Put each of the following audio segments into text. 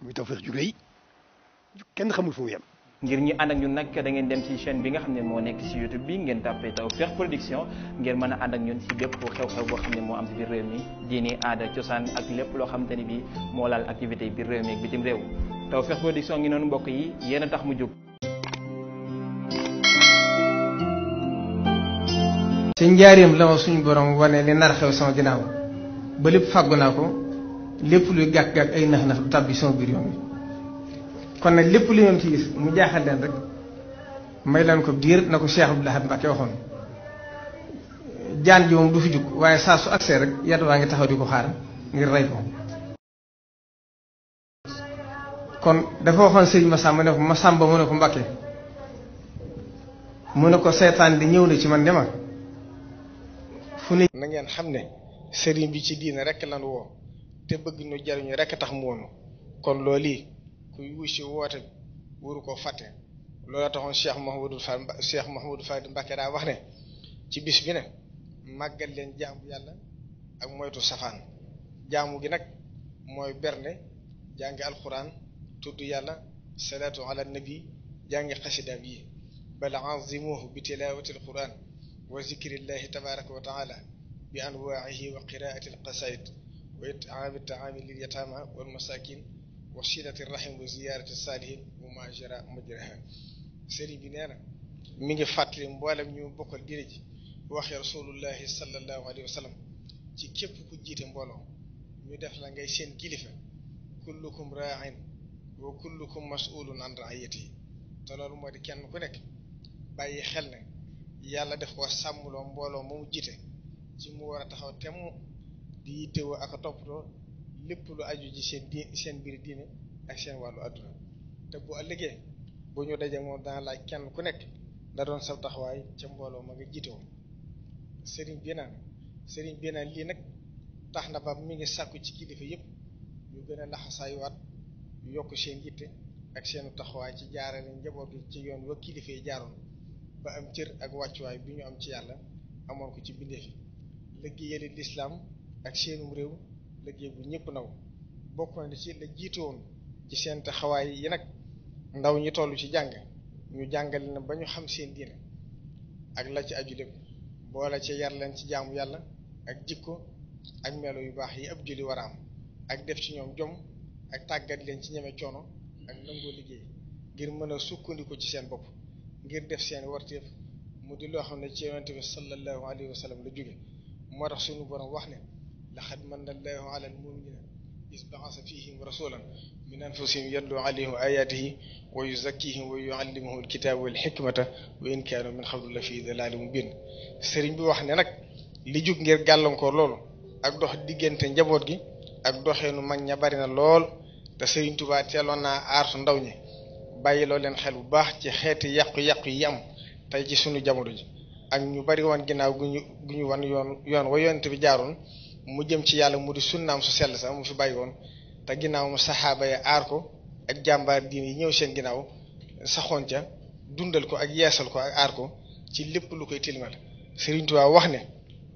muy Tawfekh ju rëy kenn xamul fu mu ngir ñi ànd ak ñun nag da ngeen dem ci chaîne bi nga xam ne moo nekk ci YouTube bi ngeen tàppee Tawfekh Production ngeen mën a ànd ak ñun ci bépp xew-xew boo xam ne moo am ci biir réew mi diini aada cosaan ak lépp loo xamante ni bi moo laal activité yi biir réew mi ak bitim réew Tawfekh Production ngi noonu mbokk yi yéen a tax mu jóg. ci njaareem la ma suñu borom wane li nar xew sama ginnaaw ba lépp fàggu naa ko. lépp luy gàkk-gàkk ay nax nax du tàbbi sama biir yoon bi kon nag lépp lu ñoom ci gis mu jaaxal leen rek may leen ko diir na ko Cheikh Abdou Lahad Mbacké waxoon jaan ji moom du fi jug waaye saa su agsee rek yat waa ngi taxaw di ko xaar ngir rey ko kon dafa waxoon sëñ Massamba ne ko Massamba mu ne ko Mbacké mu ne ko seetaan di ñëw na ci man de ma fu ne na ngeen xam ne sëriñ bi ci diine rek lan woo te bëgg ñu jariñu rekk tax mu kon looli yi kuy wusi woote koo fàtte loola taxoon Cheikh Mahmoudou Fall Cheikh Mahmoudou Fall daa wax ne ci bis bi ne màggal leen jaamu yàlla ak moytu safaan jaamu gi nag mooy berne jàngi alxuraan tudd yàlla salaatu ala nabi jàngi xasidaam yi bal azimuhu bi tilaawati alquran wa zikrillahi tabaraka wa taala bi anwaahi wa qiraati alqasaid wa it'aami taami lil yataama wal masakin wa silati rahim wa ziyarati wa ma jara majraha mi ngi fàttali mboolem ñu bokkal diine ji waxe rasulullahi sallallahu alayhi wa sallam ci képp ku jiite mbooloo ñu def la ngay seen kilifa kullukum ra'in wa kullukum mas'ulun an ra'iyatihi te loolu moo di kenn ku nekk bàyyi xel ne yàlla def ko sàmmloo mbooloo moomu jiite ci mu war taxaw temm di yittewoo ak a toppatoo lépp lu aju ci seen di seen mbir diine ak seen wàllu adduna te bu ëllëgee bu ñu dajee moom dana laaj kenn ku nekk la doon sab taxawaay ca mbooloo ma ngi jiitewoo sëriñ bi naan sëriñ bi naan lii nag tax na ba mi ngi sàkku ci kilifa yëpp ñu gën a laxasaayuwaat yokk seen yitte ak seenu taxawaay ci jaarale njaboot gi ci yoon wa kilifa yi jaaroon ba am cër ak wàccuwaay bi ñu am ci yàlla amoon ko ci bindeef yi liggéeyal lislaam ak seenum réew liggéey bu ñëpp naw bokk na ci la jiitu ci seen taxawaay yi nag ndaw ñi toll ci jàng ñu jàngale na ba ñu xam seen diine ak la ci aju lépp boole ci yar leen ci jaamu yàlla ak jikko ak melo yu baax yi ab julli war ak def ci ñoom jom ak tàggat leen ci ñeme coono ak nangoo liggéey ngir mën a sukkandiku ci seen bopp ngir def seen warteef mu di loo xam ne ci yonente bi sallallahu alayhi wa la jóge moo tax suñu borom wax laqad manna allahu ala almuminina is baasa fihim rasulan min anfusihim yatlu alayhim ayatihi wa yuzakkihim wa yuallimuhum alkitaba wal hikmata wa in kaanu min qablu la fi dalalin mubin sëriñ bi wax ne nag li jug ngir gàllankoor lool ak dox diggante njaboot gi ak nu mag ña bari na lool te sëriñ Tuubaa teeloon naa aartu ndaw ñi bàyyi loo leen xel bu baax ci xeeti yàqu-yàqu yi am tey ci sunu jamono ji ak ñu bari woon ginnaaw gu gu ñu wan yoon yoon wa yonent bi jaaroon mu jëm ci yàlla mu di sunnaam su sell sax mu fi bàyyi woon te ginnaaw mu saxaaba ya aar ko ak jàmbaar diin yi ñëw seen ginnaaw saxoon ca dundal ko ak yeesal ko ak aar ko ci lépp lu koy tilimal Sëriñ Tuubaa wax ne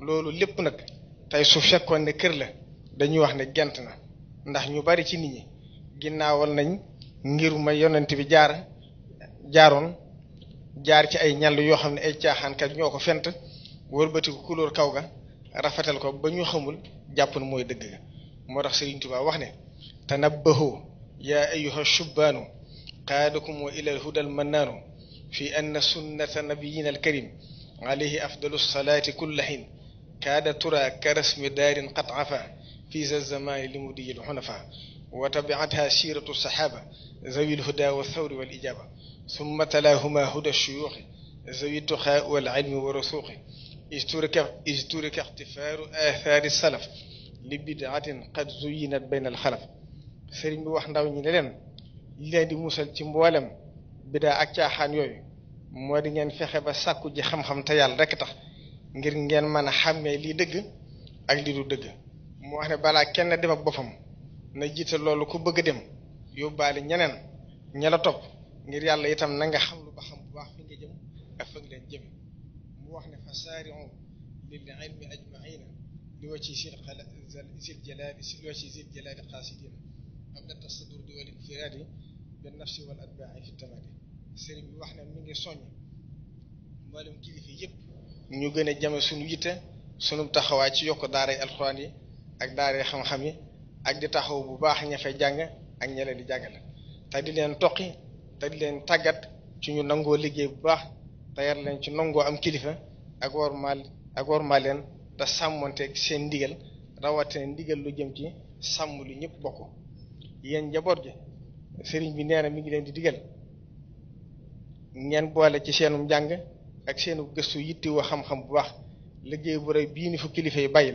loolu lépp nag tey su fekkoon ne kër la dañuy wax ne gent na ndax ñu bari ci nit ñi ginnaawal nañ ngir ma yonent bi jaar jaaroon jaar ci ay ñàll yoo xam ne ay caaxaankat ñoo ko fent wëlbatiku couleur kaw ga rafetal ko ba ñu xamul jàpp ne mooy dëgg moo tax Sëriñ Tuubaa wax ne tanabbahu yaa ayyuha shubbaanu qaadakum wa ilal hudal mannaanu fi anna sunnata nabiyina alkarim alayhi afdalu salaati kulla hin kaada tura ka rasmi daarin qad afa fi za zamaani li mu diyil xunafa wa tabiatha siiratu saxaaba zawi lhuda wa thawri wal ijaaba summa talaahuma huda shuyuuxi zawi tuxaa wal ilmi wa rusuuqi ijturika ixtifaaru aathaari salaf li bidaatin qad zuyinat bayna alxalaf sëriñ bi wax ndaw ñi ne leen leen di musal ci mboolem bidaa ak caaxaan yooyu moo di ngeen fexe ba sàkku ji xam-xam te yàlla rek tax ngir ngeen mën a xàmmee lii dëgg ak lii du dëgg mu wax ne balaa kenn dem ak boppam na jiite loolu ko bëgg a dem yóbbaale ñeneen ña la topp ngir yàlla yitam nanga xam lu ba xam bu baax fi nga jëm ak fa leen jëm fasaari'u lil ilmi ajmaina li wajhi zil jalaali li wajhi zil jalaali qaasidina am na tasadur di wal infiraadi bin nafsi wal atbaai fi tamadi sëriñ bi wax ne mi ngi soññ mboolem kilifa yëpp ñu gën a jame suñu yitte sunu taxawaay ci yokk daaray alxuraan yi ak daaray xam-xam yi ak di taxaw bu baax ña fay jàng ak ña di jàngale te di leen toqi te leen tàggat ci ñu nangoo liggéey bu baax te yar leen ci nangoo am kilifa ak wormaal ak leen te sàmmoonteeg seen ndigal rawatina ndigal lu jëm ci sàmm lu ñëpp bokk yéen njaboot gi sëriñ bi nee mi ngi leen di digal ngeen boole ci seenu njàng ak seenu gëstu yitti wa xam-xam bu baax liggéey bu rëy bii ni fu kilifa yi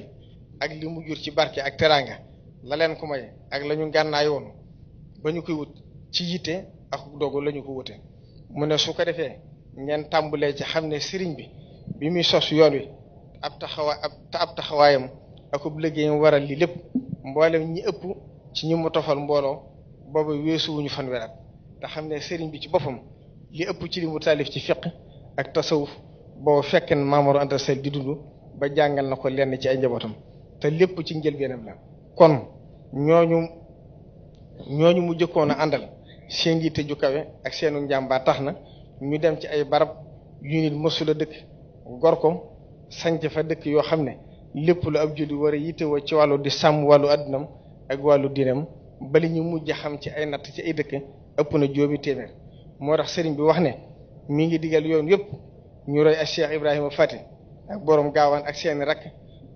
ak li mu jur ci barke ak teraanga la leen ko may ak lañu ñu ngànnaay woon ba ñu koy wut ci yitte ak dogu la ko wute mu ne su ko defee ngeen tàmbalee ci xam ne sëriñ bi bi muy sos yoon wi ab taxawa ab ab taxawaayam akub liggéeyam waral lii lépp mboolem ñi ëpp ci ñi mu tofal mbooloo boobu weesuwuñu fanweer te xam ne sëriñ bi ci boppam li ëpp ci li mu taalif ci fiq ak tasawuf boobu fekk na Maamor Anta di dund ba jàngal na ko lenn ci ay njabootam te lépp ci njëlbeenam la kon ñooñu ñooñu mu jëkkoon a àndal seen yitte ju kawe ak seenu njàmbaar tax na ñu dem ci ay barab yu nit mësula dëkk gorkom sanc fa dëkk yoo xam ne lépp lu ab julli war a yittewoo ci wàllu di sàmm wàllu addunam ak wàllu diinam bali ñu mujj xam ci ay natt ci ay dëkk ëpp na juróomi téeméer moo tax sëriñ bi wax ne mi ngi digal yoon yëpp ñu roy ak Cheikh Ibrahima Fati ak borom gaawaan ak seeni rakk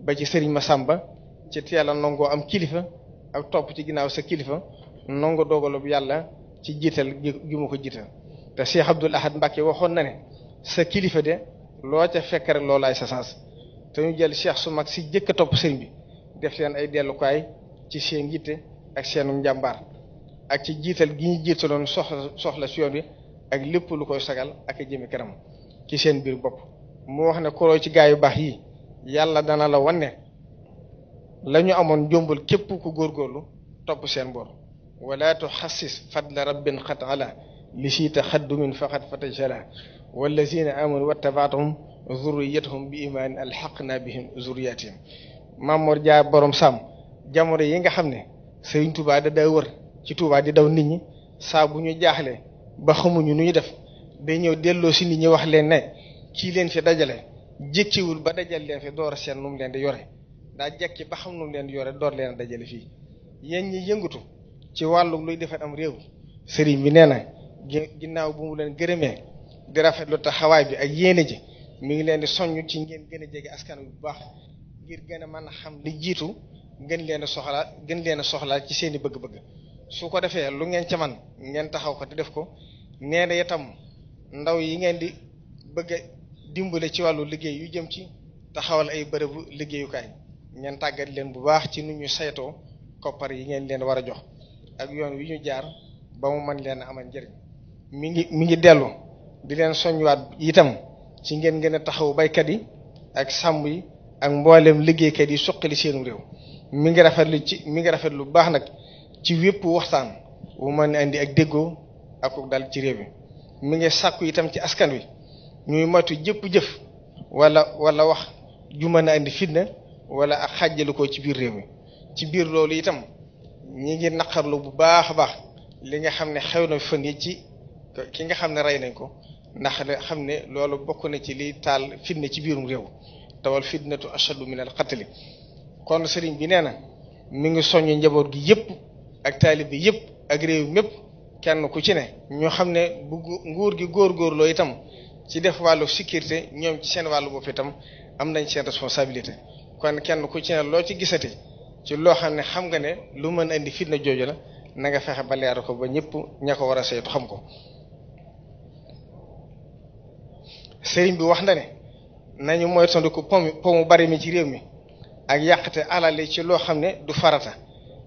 ba ci sëriñ Masamba ci teel a nangoo am kilifa ak topp ci ginnaaw sa kilifa nango dogalub yàlla ci jiital gi mu ko jiital te Cheikh Abdoul Ahad Mbacke waxoon na ne sa kilifa loo ca fekk rek loolaay sa sens te ñu jël cheikh su mag si jëkk a topp sëriñ bi def seen ay dellukaay ci seen yitte ak seenu njàmbaar ak ci jiital gi ñu jiitaloon soxla soxla si yoon bi ak lépp lu koy sagal ak a jëmi karam ci seen biir bopp mu wax ne koroo ci gaa yu baax yi yàlla dana la wane lañu amoon jombul képp ku góorlu topp seen bor wala tu xassis fadla rabbin xat ala li siita xaddumin faqat fatajala wallazina amanu wattabaatuhum zurriyatuhum bi imaanin alxaqna bihim zurriyatihim Mamor Dia borom Sam jamono yi nga xam ne Sëriñ Tuubaa da daa ci Tuubaa di daw nit ñi saa bu ñu jaaxle ba xamuñu nu ñu def day ñëw delloo si nit ñi wax leen ne kii leen fi dajale jékkiwul ba dajal leen fi door a seen nu leen di yore daa jekki ba xam nu leen di yore door leen dajale fii yéen ñi yëngatu ci wàllu luy defar am réew sëriñ bi nee na ginnaaw bu mu leen gërëmee. di rafetlu taxawaay bi ak yéene ji mi ngi leen di soññ ci ngeen gën a jege askan wi bu baax ngir gën a man a xam li jiitu gën leen a gën leen a soxlaa ci seeni bëgg-bëgg su ko defee lu ngeen ca man ngeen taxaw ko di def ko nee na itam ndaw yi ngeen di bëgg a dimbale ci wàllu liggéey yu jëm ci taxawal ay bërëbu liggéeyukaay ngeen tàggat leen bu baax ci ni ñu saytoo koppar yi ngeen leen war a jox ak yoon wi ñu jaar ba mu mën leen a amal njëriñ mi ngi mi ngi dellu di leen soñwaat itam ci ngeen gën a taxaw baykat yi ak sàmm yi ak mboolem liggéeykat yi suqali seenu réew mi ngi rafetlu ci mi ngi rafet lu baax nag ci wépp waxtaan wu mën andi ak déggoo ak dal ci réew mi mi ngi sàkku itam ci askan wi ñuy moytu jëpp jëf walla wala wax ju mën a andi fitna wala ak xàjjale ko ci biir réew mi ci biir loolu itam ñu ngi naqarlu bu baax a baax li nga xam ne xew na fan yi ci ki nga xam ne rey nañ ko ndax ne xam ne loolu bokk na ci liy taal fitna ci biirum réew tawal fitnatu ashadu min al qatli kon sëriñ bi nee na mi ngi soññ njaboot gi yëpp ak taalibe yëpp ak réew mépp kenn ku ci ne ñoo xam ne bu nguur gi góorgóorloo itam ci def wàllu sécurité ñoom ci seen wàllu bopp itam am nañ seen responsabilité kon kenn ku ci ne loo ci gisati ci loo xam ne xam nga ne lu mën indi fitna jooju la na nga fexe ba leer ko ba ñëpp ña ko war a saytu xam ko sëriñ bi wax na ne nañu moytandiku po po mu bari mi ci réew mi ak yàqate alal ci loo xam ne du farata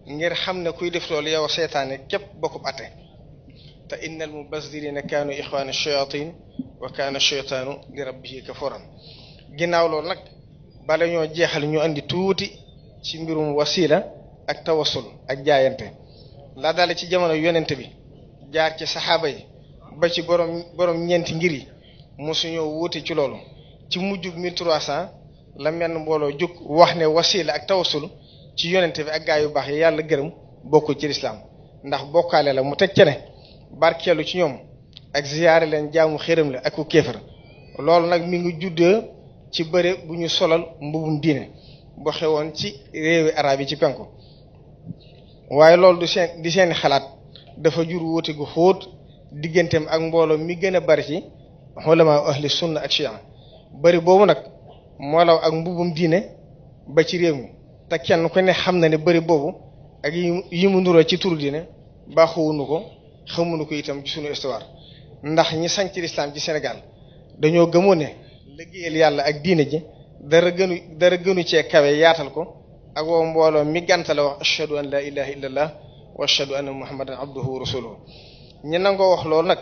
ngir xam ne kuy def loolu yow seetaane képp bokkub atte te innal mubasdirina kaanu ixwaana shayatin wa kaana shaytaanu li rabbihi kafuran ginnaaw loolu nag bala ñoo jeexal ñu andi tuuti ci mbirum wasila ak tawasul ak jaayante la daale ci jamono yonent bi jaar ci saxaaba yi ba ci borom borom ñeenti ngir yi mosuñoo wuute ci loolu ci mujjug 1300 la menn mbooloo jóg wax ne wasila ak tawasul ci yonente bi ak gaa yu baax yi yàlla gërëm bokkul ci lislaam ndax bokkaale la mu teg ca ne barkeelu ci ñoom ak ziyaare leen jaamu xéram la ak ku kéefar loolu nag mi ngi juddee ci bëre bu ñu solal mbubum diine bu xewoon ci réewi arab yi ci penku waaye loolu du seen di seeni xalaat dafa jur wuute gu xóot digganteem ak mbooloo mi gën a bari ci xulamaa ahli sunna ak chia bari boobu nag moo law ak mbubum diine ba ci réew mi te kenn ko ne xam na ne bari boobu ak yi mu nuroo ci turu diine baaxuwunu ko xamuñu ko itam ci sunu histoire ndax ñi sanc lislaam ci Sénégal dañoo gëmoo ne liggéeyal yàlla ak diine ji dara gënu dara gënu cee kawe yaatal ko ak woo mbooloo mi gàntale wax ashhadu an la ilaha illallah wa ashhadu anna muhammadan abduhu wa rasuluhu ñi nangoo wax loolu nag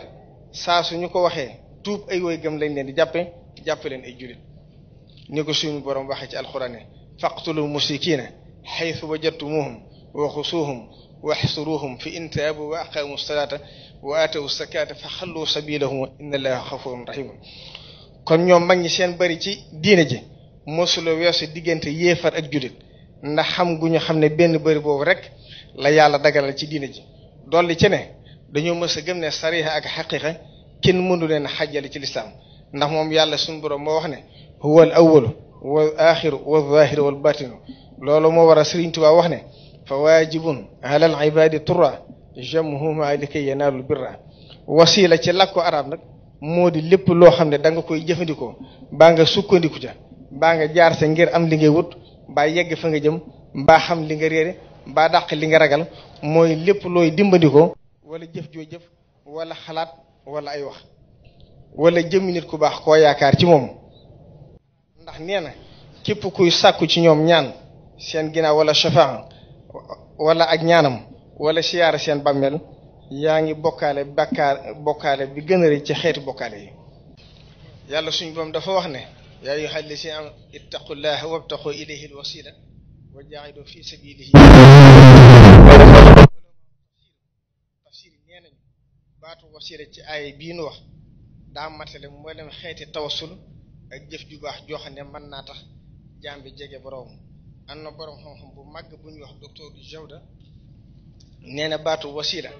saa su ñu ko waxee tuub ay woy gëm lañ leen di jàppe jàppe leen ay jullit ni ko suñu borom waxee ci alxuraan faqtulu musrikiina xaytu wajadtumuhum wa xusuuhum wa xsuruuhum fi in taabu wa aqaamu salaata wa aatawu sakaata fa xallu sabilahum inna allaha xafurun rahim kon ñoom mag ñi seen bari ci diine ji mosula weesu diggante yéefar ak jullit ndax xam gu ñu xam ne benn bëri boobu rek la yàlla dagalal ci diine ji dolli ci ne dañoo mës a gëm ne sariha ak xaqiqa ci kenn mënu leen xajale ci lislaam ndax moom yàlla suñu borom moo wax ne huwa al awalu wal axiru wal zahiru wal batinu loolu moo war a Sëriñ Tuubaa wax ne fa waajibun ala al ibadi turra jamhuma likay yanaalul birra wasila ci làkku araab nag moo di lépp loo xam ne danga koy jëfandikoo baa nga sukkandiku ca baa nga jaar sa ngir am liggéey ngay wut baa yegg fa nga jëm mbaa xam li nga réere mbaa dàq li nga ragal mooy lépp looy dimbandikoo wala jëf joo wala xalaat wala ay wax wala jëmmi nit ku baax ko yaakaar ci moom ndax nee na képp kuy sàkku ci ñoom ñaan seen ginnaaw wala chafaa wala ak ñaanam wala siyaara seen bàmmeel yaa ngi bokkaale bakkaar bi gën a rëy ci xeeti bokkaale yi yàlla suñ boom dafa wax ne yaa ayyuha allazina am ittaqullaha wabtaqu ilayhi alwasila wa jaahidu fi sabilihi baatu wasila ci ay bii nu wax daa matale mboolem xeeti tawasul ak jëf ju baax joo xam ne mën naa tax jaam bi jege borom am na borom xam-xam bu màgg bu ñuy wax docteur du Jawda nee baatu wasila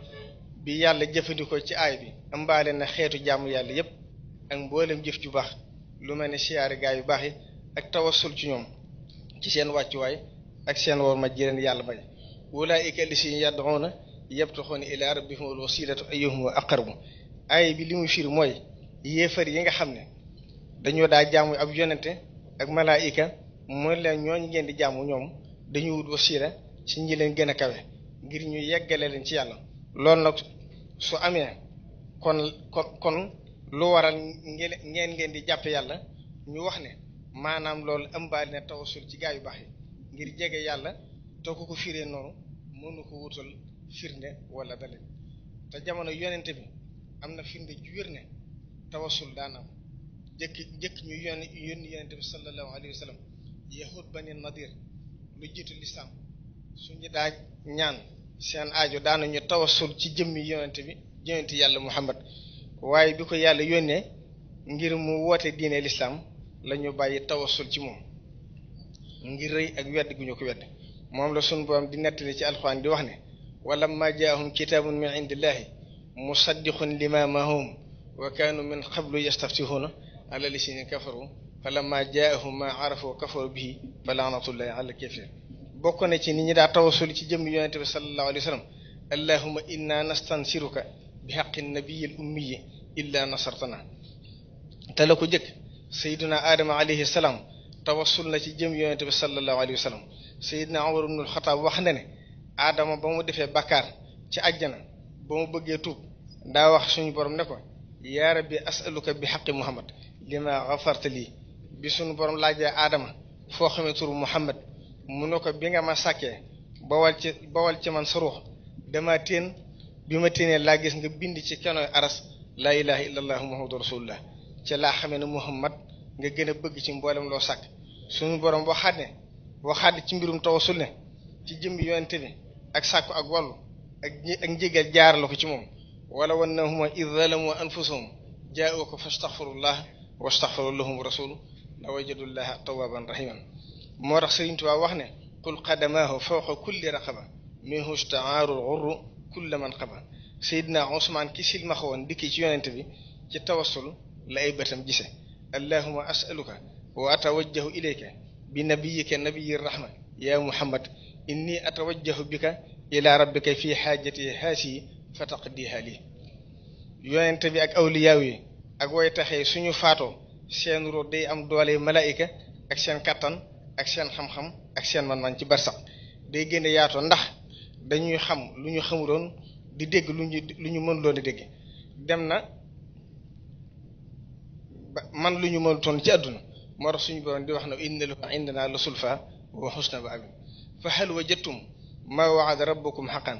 bi yàlla jëfandikoo ci aay bi am mbaale na xeetu jaamu yàlla yépp ak mboolem jëf ju baax lu mel ne siyaari gaa yu baax yi ak tawasul ci ñoom ci seen wàccuwaay ak seen worma ji leen yàlla may wulaayika li si yad'una yabtaxoona ilaa rabbihim al wasilatu ayyuhum aqrabu aay bi li muy fiir mooy yéefar yi nga xam ne dañoo daa jaamu ab yonente ak malaayika mooy leen ñooñu ngeen di jàmm ñoom dañu wut wasila ci ñi leen gën a kawe ngir ñu yeggale leen ci yàlla lool nag su amee kon kon kon lu waral ngeen ngeen di jàpp yàlla ñu wax ne maanaam loolu ëmbaali na tawasul ci gaa yu baax yi ngir jege yàlla te ko ko firee noonu mënu ko wutal firnde walla dalil te jamono yonente bi am na firnde ju wér ne tawasul daan jëkk jëkk ñu yónni yónni yonente bi sallallahu alayhi wa sallam yahud bani nadir lu jiitu lislaam suñu daa ñaan seen aajo daanuñu tawasul ci jëmmi yonente bi yonente yàlla muhammad waaye bi ko yàlla yónnee ngir mu woote diine lislaam la ñu bàyyi tawasul ci moom ngir rëy ak wedd gu ñu ko wedd moom la suñu borom di nettali ci alxuraan di wax ne wa lamma jaahum kitaabun min indillahi musaddiqun lima mahum wa kaanu min qablu yastaftihuuna ala lisini kafaru fa lamma jaahum ma arafu kafaru bihi fa laanatullahi ala kafir bokk na ci nit ñi daa tawasul ci jëm yonente bi sallallahu alayhi wa sallam allahuma inna nastansiruka bi xaqi nabiyi al ummiyi illa nasartana te la ko jëkk sayiduna aadama alayhi salaam tawasul na ci jëm yonente bi sallallahu alayhi wa sallam sayidna umar ibnul xataab wax na ne aadama ba mu defee bakkaar ci àjjana ba mu bëggee tuub ndaa wax suñu borom ne ko yaa rabbi asaluka bi xaqi muhammad li ma xafarta bi suñu borom laajee aadama foo xamee turu muhammad mun ne ko bi nga ma sàkkee bawal ci ci man sa ruux dama téen bi ma téenee laa gis nga bind ci kenooy aras laa ilaha illa allah muhammadu rasulullah ci laa xamee ne muhammad nga gën a bëgg ci mboolem loo sàkk suñu borom waxaat ne boo waxaat ci mbirum tawasul ne ci jëmb yonente bi ak sàkku ak wàllu ak ak jaar la ko ci moom wala wan nahuma id zalamu anfusahum jaa'uka fastaghfirullah wastaghfara lahum rasul la wajadullaha tawaban rahiman moo tax Sëriñ Tuubaa wax ne qul qadamahu fawqa kulli raqaba minhu staaru lxurru kulla man qaba Seydina Usmaan ki silmaxa woon dikki ci yonente bi ci tawassul la ay bëtam gise allahuma asaluka wa atawajjahu ilayka bi nabiyika nabiyi rahma ya muhammad inni atawajjahu bika ila rabbika fi xaajati haasi fa taqdiha li yonente bi ak awliyaaw yi ak woy taxee suñu faatoo seen ruux day am doole malaayika ak seen kattan ak seen xam-xam ak seen man-man ci barsax day gën a yaatoo ndax dañuy xam lu ñu xamuloon di dégg lu ñu lu mën loon di dégg dem na ba man lu ñu mënutoon ci àdduna moo tax suñu borom di wax na inna lahu indana la sulfa wa xusna ba fa hal wajadtum ma wa'ada rabbukum haqqan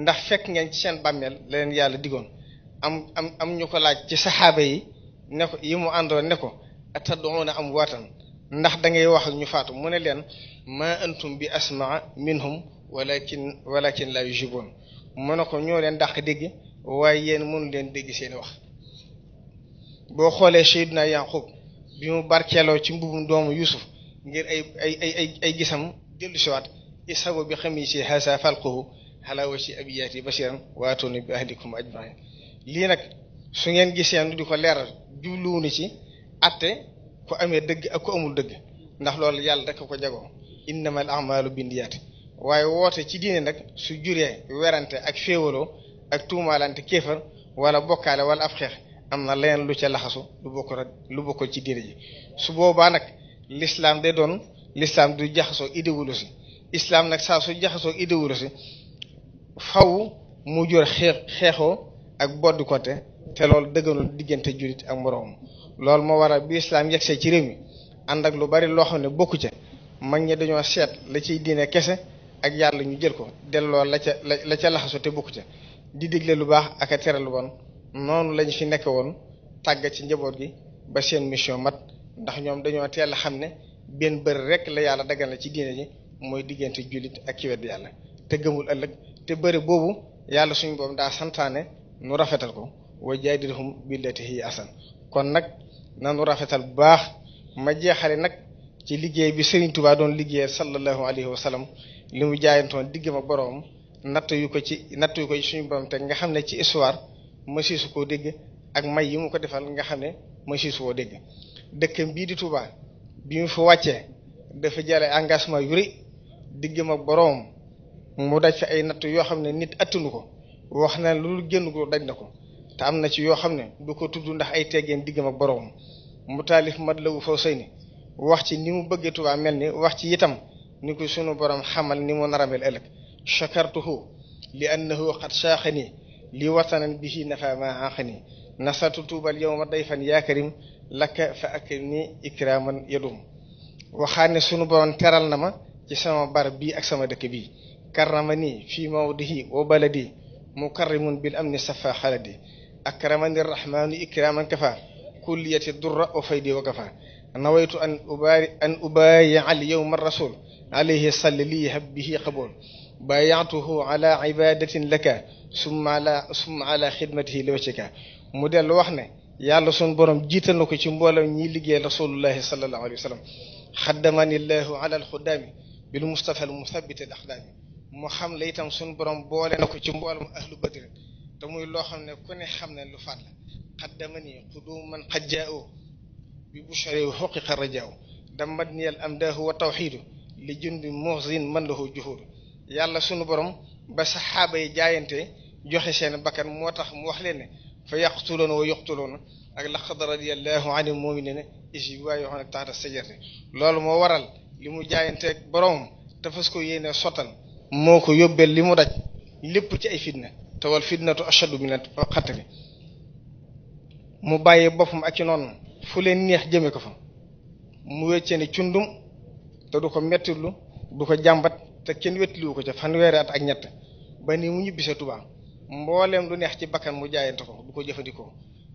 ndax fekk ngeen ci seen bàmmeel la leen yàlla digoon am am am ñu ko laaj ci saxaaba yi ne ko yi mu na ne ko atad'una amwaatan ndax da ngay wax ak ñu faatu mu ne leen ma antum bi asmaa minhum walakin walakin la yujiboon mu ne ko ñoo leen dàq dégg waaye yéen mënu leen dégg seeni wax boo xoolee Seydina Yaqub bi mu barkeeloo ci mbubum doomu Yuusuf ngir ay ay ay ay gisam dellu siwaat ishabu bi xamisi hasa falquhu ala wajhi abiyaati basiran waatuni bi ahlikum ajmain lii nag su ngeen gisee di ko leeral jubluwunu ci atte ku amee dëgg ak ku amul dëgg ndax loolu yàlla rek ko jagoo innamal a'malu binniyaat waaye woote ci diine nag su juree werante ak féewaloo ak tuumaalante kéefar wala bokkaale wala ab xeex am na leneen lu ca laxasu lu bokkul lu bokkul ci diine ji su boobaa nag l'islam day doon l'islam du jaxasoo idéologie islam nag saa su jaxasoo idéologie faw mu jur xeex xeexoo ak boddi côté te loolu dëgganul diggante jullit ak moroom loolu moo waral bi islam yegsee ci réew mi ànd ak lu bari loo xam ne bokku ca mag ñi dañoo seet la ciy diine kese ak yàlla ñu jël ko delloo la ca la la ca laxasu te bokku ca di digle lu baax ak tere lu bon noonu lañ fi nekk woon tàggat ci njaboot gi ba seen mission mat ndax ñoom dañoo teel a xam ne benn bër rek la yàlla dagal ci diine ji mooy diggante jullit ak ki wedd yàlla te gëmul ëllëg te bëri boobu yàlla suñu boobu daa santaane nu rafetal ko wa jaadilhum billati hiya asan kon nag nanu rafetal bu baax ma jeexale nag ci liggéey bi Serigne Touba doon liggéeyal sallallahu alayhi wa sallam li mu jaayantoon digg ma boroom natt yu ko ci natt yu ko ci suñu borom te nga xam ne ci histoire ma siisu koo dégg ak may yi mu ko defal nga xam ne ma siisu koo dégg dëkkam bii di Touba bi mu fa wàccee dafa jëlee engagement yu diggam ak borom mu daj fi ay natt yoo xam ne nit attanu ko wax na loolu génn ko daj na ko te am na ci yoo xam ne du ko tudd ndax ay teggeen diggam ak boroom mu taalif Matlabu Fawzayni wax ci ni mu bëggee tubaa mel ni wax ci itam ni koy sunu borom xamal ni mu nar a mel ëllëg chakartuhu li annahu qad saaxani li watanan bihi nafa ma anqani nasatu tuubal yawma dayfan yaa karim lakka fa akrim ni ikraman yadum waxaane sunu borom teral na ma ci sama barab bii ak sama dëkk bii karramani fi mawdihi wa baladi mukarrimun bil amni safa xaladi akramani rahmanu ikraman kafa kulliyati durra wa faydi wa kafa nawaytu an ubari an ubayi'a al yawma rasul alayhi salli li habbihi qabul bayatuhu ala ibadatin laka summa ala summa ala xidmatihi li wajhika mu dellu wax ne yàlla sunu borom jiital na ko ci mboolem ñi liggéey rasulullahi sallallahu alayhi wa sallam xaddamani llahu ala alxudaami bil mustafa al musabbitil axlaaqi mu xam la itam suñu borom boole na ko ci mboolem ahlu badr te muy loo xam ne ku ne xam ne lu faat la xaddama nii xuduman xaj jaao bi bushari xuqiqa rajaaw damat niyal amdaahu wa tawxiidu li jundi muhsin man lahu juhuudu yàlla sunu borom ba saxaaba yi jaayante joxe seen bakkan moo tax mu wax leen ne fa yaqtuloona wa yuqtuloona ak laqad radiyallahu anil muminina is waaye yoo xam ne taata sajarte loolu moo waral li mu jaayanteeg boroomam te fas ko yéene sottal moo ko yóbbeel li mu daj lépp ci ay fitna te wal fitnatu ashadu min al-qatl ak ci noonu fu leen neex jëme ko fa mu wéccee ne cundum te du ko mettitlu du ko jàmbat te kenn wetliwu ko ca fanweeri at ak ñett ba ni mu ñibbisee Tuubaa mbooleem lu neex ci bakkan mu jaayante ko du ko jëfandikoo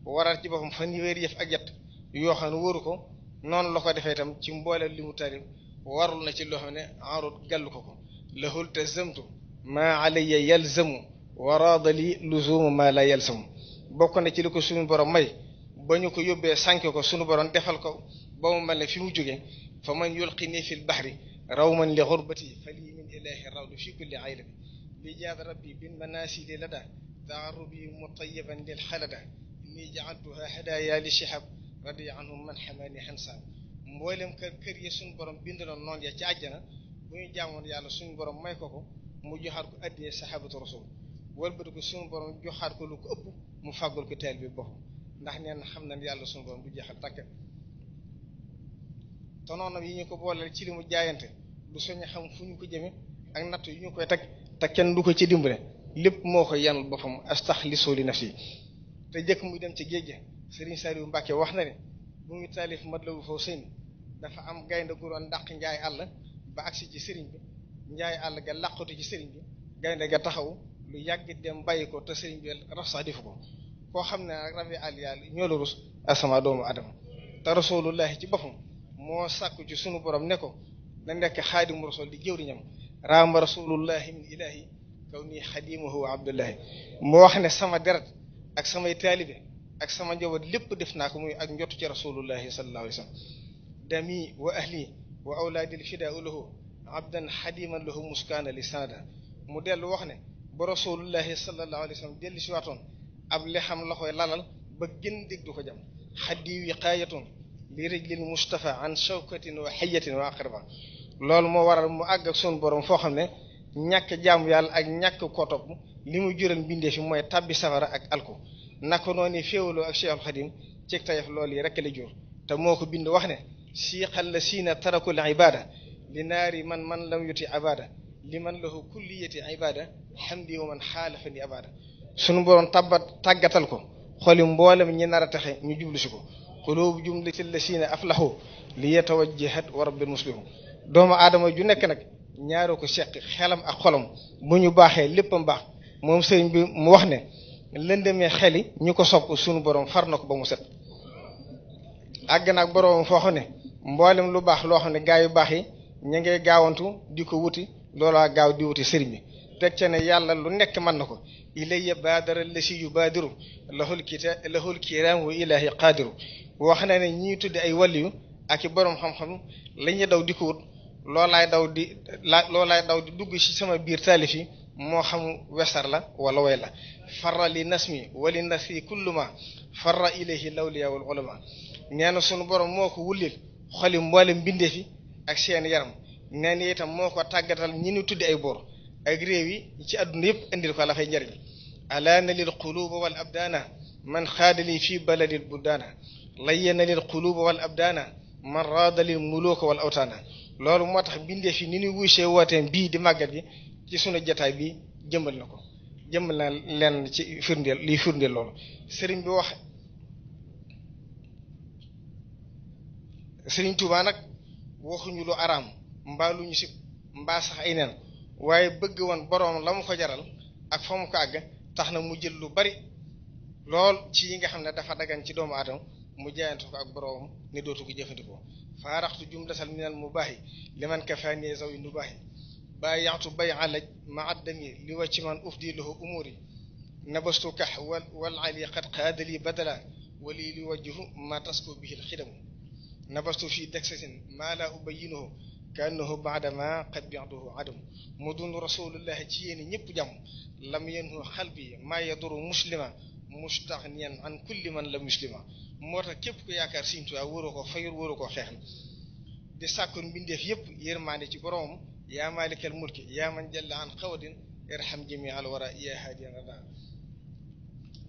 waral ci boppam fanweeri yëf ak ñett yoo xam ne wóoru ko noonu la ko defee itam ci mbooleel li mu tari warul na ci loo xam ne enrut gàllu ko ko lahul tazamtu maa alayya yalzamu waraada li luzumu ma la yalzamu bokk na ci li ko suñu borom may ba ñu ko yóbbee sànke ko suñu borom defal ko bo mu mel fi mu jógee fa man yulqini fi lbahri rawman li xurbati fali min ilahi rawdu fi kulli aylabi li jaad rabbi bin manasili lada taarubi mutayiban lil xalada inni jaaltuha hadaya li shihab radi anhum man xamani hansa mboolem kër kër yi suñu borom bindaloon noonu ya ci àjjana bu ñu jaamoon yàlla suñu borom may ko ko mu joxaat ko addiyee sahabatu rasul wëlbati ko suñu borom joxaat ko lu ko ëpp mu fàggul ko teel bi boppam ndax nee na xam nañ yàlla suñu borom du jeexal takk te noonu yi ñu ko booleel ci li jaayante du soñu xam fu ko jëme ak natt yi ñu koy teg te kenn du ko ci dimbale lépp moo ko yanul boppam astaxlisu li nafsi te jëkk muy dem ci géej gi Serigne Saliou Mbacke wax na ne mu ngi taalif Matlabul Fawzayni dafa am gaynde gu doon ndax njaay àll ba agsi ci sëriñ bi njaay àll ga làqatu ci sëriñ bi gaynde ga taxaw lu yàgg dem bàyyi ko te sëriñ bi raf sax defu ko koo xam ne rab rabi àll yàlla ñoo la rus asama doomu adama te rasulullahi ci boppam moo sàkku ci sunu borom ne ko na nekk xaadimu rasul di jëwriñam raama rasulullahi min ilahi kaw nii xadimuhu abdullahi moo wax ne sama deret ak samay taalibe ak sama njaboot lépp def naa ko muy ak njott ci rasulullahi sallallahu alayhi wa sallam dami wa ahli wa awlaadil fidaau lahu abdan xadiman lahu muskaana li sanada mu dellu wax ne ba rasulullahi sallallahu alayhi wa sallam dellu si ab ab xam la koy lalal ba gën dég ko jam xaddi wiqaayatun li rijlil mustafa an shawkatin wa xayatin wa aqraba loolu moo waral mu àgg ak sunu borom foo xam ne ñàkk jaamu yàlla ak ñàkk koto topp li mu jural mbindee fi mooy tabbi safara ak alko naka noonu féewaloo ak Cheikhul Xadim ci tayef loolu yi rek la jur te moo ko bind wax ne siiqal la siina tarakul ibada li naari man man lam yuti ibada li man lahu kulliyati ibada hamdi wa man xaalafa ni ibada sunu boroom tabbat tàggatal ko xoli mboolem ñi nar a taxe ñu jublu si ko xuloobu jumlati la siina aflahu li yatawajjahat wa rabbil muslimu doomu aadama ju nekk nag ñaaroo ko seq xelam ak xolom bu ñu baaxee léppam baax moom sëriñ bi mu wax ne lëndëmee xeli ñu ko sopp suñu boroom far na ko ba mu set àgg naag boroom foo xam ne mboolem lu baax loo xam ne gaa yu baax yi ñu ngay gaawantu di ko wuti loolaa gaaw di wuti sëriñ bi teg ca yàlla lu nekk mën na ko ilayya baadara la si yu baadiru lahul kita lahul kiram wa ilahi qaadiru wax na ne ñi tudde ay walliyu ak i boroom xam-xam la daw di ko wut loolaay daw di la loolaay daw di dugg ci sama biir taalif yi moo xam wesar la wala way la farra li nasmi wali nasi kulluma farra ilayhi lawliya wal ulama nee na sunu borom moo ko wullil xoli mboole mbindeef yi ak seen yaram nee na itam moo ko tàggatal ñi ñu tuddi ay boor ak yi ci àdduna yëpp indil ko la fay njariñ alaana lil quluba wal abdaana man xaadali fi baladil buddaana layyana lil quluba wal abdaana man raadalil muluka wal awtaana loolu moo tax mbindeef yi ni ñuy wuysee di màggat gi ci sunu jataay bi jëmbal na ko jëmbal na lenn ci firndeel lii firndeel loolu sëriñ bi wax sëriñ Tuubaa nag waxuñu lu araam mbaa lu ñu sib mbaa sax ay neen waaye bëgg woon boroom la mu ko jaral ak fa mu ko àgg tax na mu jël lu bari lool ci yi nga xam ne dafa dagan ci doomu aadama mu jaayante ko ak boroom ne dootu ko jëfandikoo faaraxtu jumlasal minal mu baaxi liman kafaani zawi nu baaxi بايعت بيع لج مع الدم لوجه من أفدي له أموري نبست كح والعلي قد قاد لي بدلا ولي لوجه ما تسكو به الخدم نبست في دكسة ما لا أبينه كأنه بعدما قد بعده عدم مدن رسول الله جيني نيب جم لم ينه قلبي ما يضر مسلما mustaxniyan an kulli man la muslima moo tax képp ku yaakaar Sëriñ Tuubaa wóoru ko fayur wóoru ko xeexal di sàkkoon mbindeef yépp yërmaande ci boroom yaa maalikal mulki yaa man jalla an xawadin irham jami al wara yaa haadiyan rada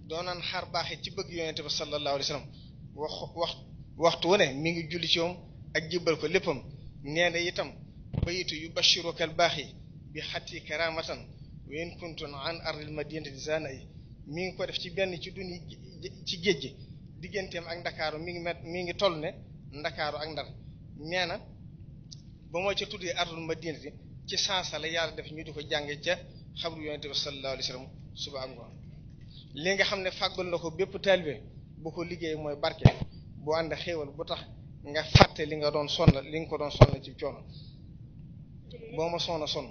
doonaan xaar baaxe ci bëgg yonente bi sallallahu alayhi waxtu wu ne mi ngi julli ci moom ak jibbal ko léppam nee na itam bayitu yu bashirukal baax yi bi xatti karamatan wa in an ardil madinati zaana yi ngi ko def ci benn ci duni ci géej gi digganteem ak ndakaaru mi ngi met mi ngi toll ne ndakaaru ak ndar nee ba mooy ca tuddee ardul madinati ci sansa la yàlla def ñu di ko jànge ca xabru yonent bi sallallahu alayhi suba ak ngoon li nga xam ne fàggal na ko bépp taalibe boo ko liggéey mooy barke boo ànd xéewal bu tax nga fàtte li nga doon sonn li nga ko doon sonn ci coono boo ma sonn sonn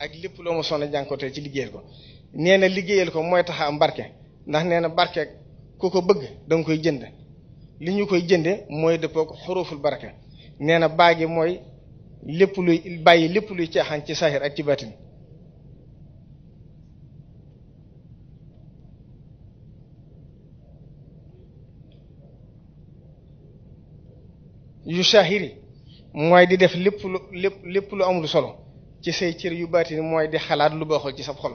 ak lépp loo ma sonn jànkoonte ci liggéeyal ko nee na liggéeyal ko mooy tax am barke ndax nee na barke ku ko bëgg danga koy jënd li ñu koy jënde mooy dëppoo xuruuful barke nee na baa mooy lépp luy bàyyi lépp luy caaxaan ci saaxir ak ci baatin yu saaxiri mooy di def lépp lu lépp lépp lu solo ci say cër yu baatin mooy di xalaat lu baaxul ci sa xol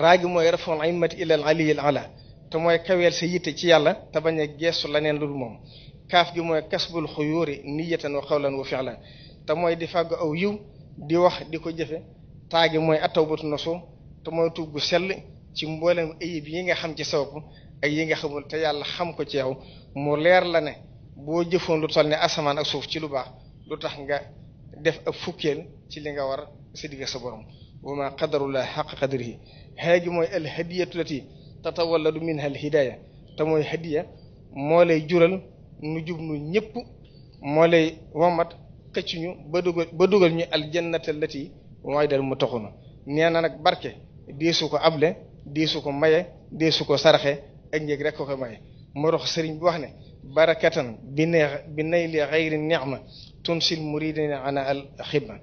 raagi mooy rafoon ay mati ilal aliyil ala te mooy kaweel sa yitte ci yàlla te bañ a geestu la neen lu dul moom kaaf gi mooy kasbul xuyuuri niyatan wa xawlan wa fi'lan te mooy di fagg aw yiw di wax di ko jëfe taa gi mooy attawbatu nasuux te mooy tuub gu sell ci mboolem ayib yi nga xam ci sababu ak yi nga xamul te yàlla xam ko ci yow mu leer la ne boo jëfoon lu toll ne asamaan ak suuf ci lu baax lu tax nga def ab fukkeel ci li nga war si digg sa borom wa ma qadarullah xaqa qadrihi xëy gi mooy al hadiyatu lati tatawalladu minha al hidaya te mooy hadiya moo lay nu jub nu ñëpp moo lay womat xëcc ñu ba dugal ba dugal ñu aljannata lati mooy mu taxu na nee na nag barke su ko able deesu ko maye deesu ko saraxe ak njëg rek ko ko maye moo tax sëriñ boo wax ne barakatan bi ne bi nay li xayri ni'ma tunsil muridina ana al xidma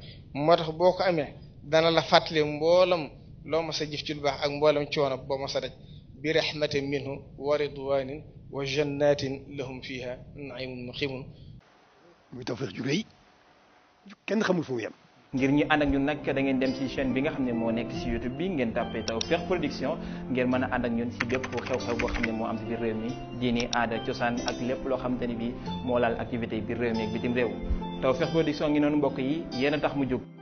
moo tax boo ko amee dana la fàttali mboolam loo ma a jëf ci lu baax ak mboolam coono boo ma sa daj bi rahmatin minhu wa ridwanin wa jannatin lahum fiha naimun muqimun muy tawfeex ju rëy kenn xamul fu mu ngir ñu ànd ak ñun nag da ngeen dem ci chaîne bi nga xam ne moo nekk ci YouTube bi ngeen tàppee Tawfekh Production ngeen mën a ànd ak ñun ci bépp xew-xew boo xam ne moo am ci biir réew mi diini aada cosaan ak lépp loo xamante ni bi moo laal activité biir réew mi ak bitim réew Tawfekh Production ngi noonu mbokk yi yéen tax mu jóg